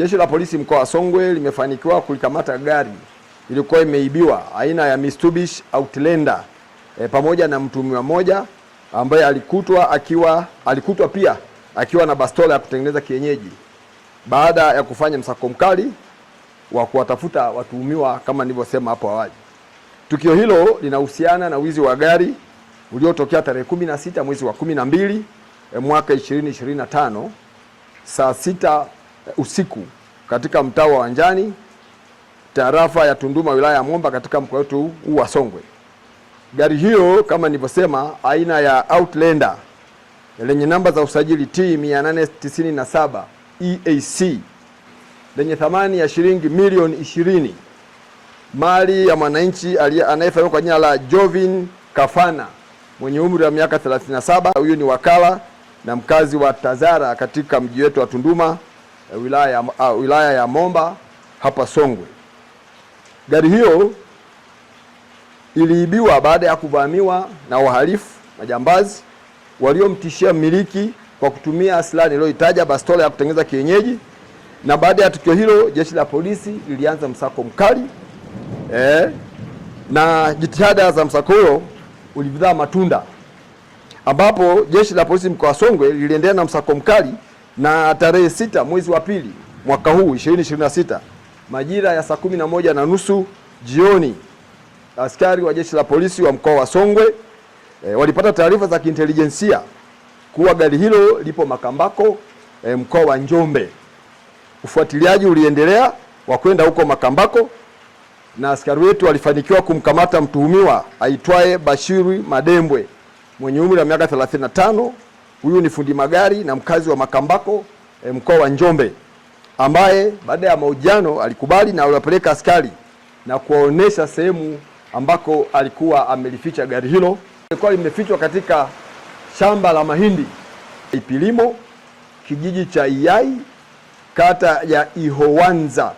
Jeshi la polisi mkoa wa Songwe limefanikiwa kulikamata gari ilikuwa imeibiwa aina ya Mitsubishi Outlander e, pamoja na mtuhumiwa mmoja ambaye alikutwa akiwa alikutwa pia akiwa na bastola ya kutengeneza kienyeji baada ya kufanya msako mkali wa kuwatafuta watuhumiwa kama nilivyosema hapo awali. Tukio hilo linahusiana na wizi wa gari uliotokea tarehe 16 mwezi wa 12 eh, mwaka 2025 saa sita usiku katika mtaa wa Wanjani tarafa ya Tunduma wilaya ya Momba katika mkoa wetu huu wa Songwe. Gari hiyo kama nilivyosema, aina ya Outlander lenye namba za usajili T 897 EAC lenye thamani ya shilingi milioni ishirini mali ya mwananchi anayefahamika kwa jina la Jovin Kafana mwenye umri wa miaka 37. Huyu ni wakala na mkazi wa Tazara katika mji wetu wa Tunduma. Eh, wilaya ya, a, ah, wilaya ya Momba hapa Songwe. Gari hiyo iliibiwa baada ya kuvamiwa na wahalifu majambazi waliomtishia mmiliki kwa kutumia silaha niliyoitaja, bastola ya kutengeneza kienyeji. Na baada ya tukio hilo, jeshi la polisi lilianza msako mkali eh, na jitihada za msako huo ulizaa matunda, ambapo jeshi la polisi mkoa wa Songwe liliendelea na msako mkali na tarehe sita mwezi wa pili mwaka huu 2026 majira ya saa kumi na moja na nusu jioni askari wa jeshi la polisi wa mkoa wa Songwe e, walipata taarifa za kiintelijensia kuwa gari hilo lipo Makambako e, mkoa wa Njombe. Ufuatiliaji uliendelea wa kwenda huko Makambako na askari wetu walifanikiwa kumkamata mtuhumiwa aitwaye Bashiri Madembwe mwenye umri wa miaka Huyu ni fundi magari na mkazi wa Makambako e, mkoa wa Njombe ambaye baada ya mahojiano alikubali na aliwapeleka askari na kuwaonesha sehemu ambako alikuwa amelificha gari hilo. Ilikuwa limefichwa katika shamba la mahindi Ipilimo, kijiji cha Iyai, kata ya Ihowanza,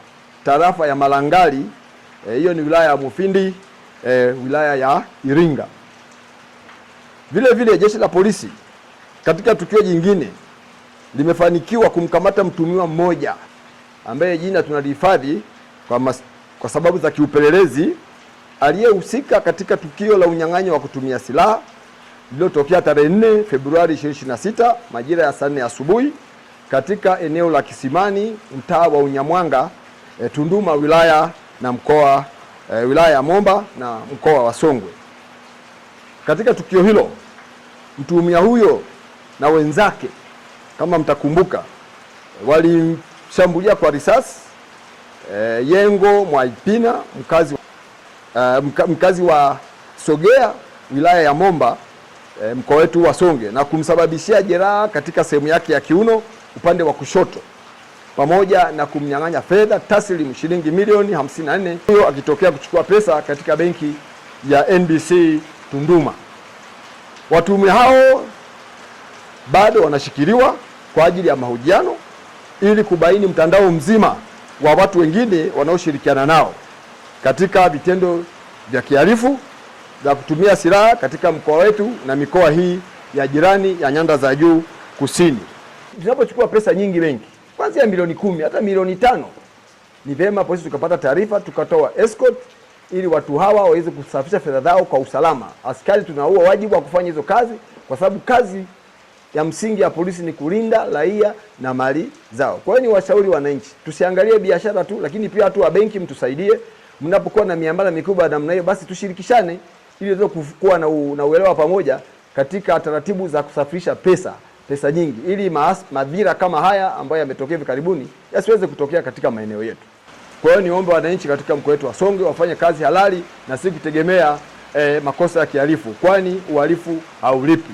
tarafa ya Malangali. E, hiyo e, ni wilaya ya Mufindi, e, wilaya ya Iringa. Vile vile jeshi la polisi katika tukio jingine limefanikiwa kumkamata mtumiwa mmoja ambaye jina tunalihifadhi kwa, kwa sababu za kiupelelezi aliyehusika katika tukio la unyang'anyo wa kutumia silaha lililotokea tarehe 4 Februari 2026 majira ya saa nne asubuhi katika eneo la Kisimani mtaa wa Unyamwanga e, Tunduma wilaya na mkoa e, wilaya ya Momba na mkoa wa Songwe. Katika tukio hilo mtumia huyo na wenzake, kama mtakumbuka, walimshambulia kwa risasi e, Yengo Mwaipina mkazi, e, mkazi wa Sogea wilaya ya Momba e, mkoa wetu wa songe na kumsababishia jeraha katika sehemu yake ya kiuno upande wa kushoto pamoja na kumnyang'anya fedha taslim shilingi milioni 54, hiyo akitokea kuchukua pesa katika benki ya NBC Tunduma. Watuhumiwa hao bado wanashikiliwa kwa ajili ya mahojiano ili kubaini mtandao mzima wa watu wengine wanaoshirikiana nao katika vitendo vya kihalifu vya kutumia silaha katika mkoa wetu na mikoa hii ya jirani ya nyanda za juu kusini. Tunapochukua pesa nyingi benki, kuanzia milioni kumi hata milioni tano, ni vyema polisi tukapata taarifa tukatoa escort ili watu hawa waweze kusafisha fedha zao kwa usalama. Askari tunaua wajibu wa kufanya hizo kazi, kwa sababu kazi ya msingi ya polisi ni kulinda raia na mali zao. Kwa hiyo ni washauri wananchi, tusiangalie biashara tu, lakini pia watu wa benki mtusaidie. Mnapokuwa na miamala mikubwa namna hiyo, basi tushirikishane ili tuweze kuwa na, na uelewa pamoja katika taratibu za kusafirisha pesa pesa nyingi, ili maas, madhira kama haya ambayo yametokea hivi karibuni yasiweze kutokea katika maeneo yetu. Kwa hiyo niombe wananchi katika mkoa wetu wa Songwe wafanye kazi halali na si kutegemea eh, makosa ya kihalifu, kwani uhalifu haulipi.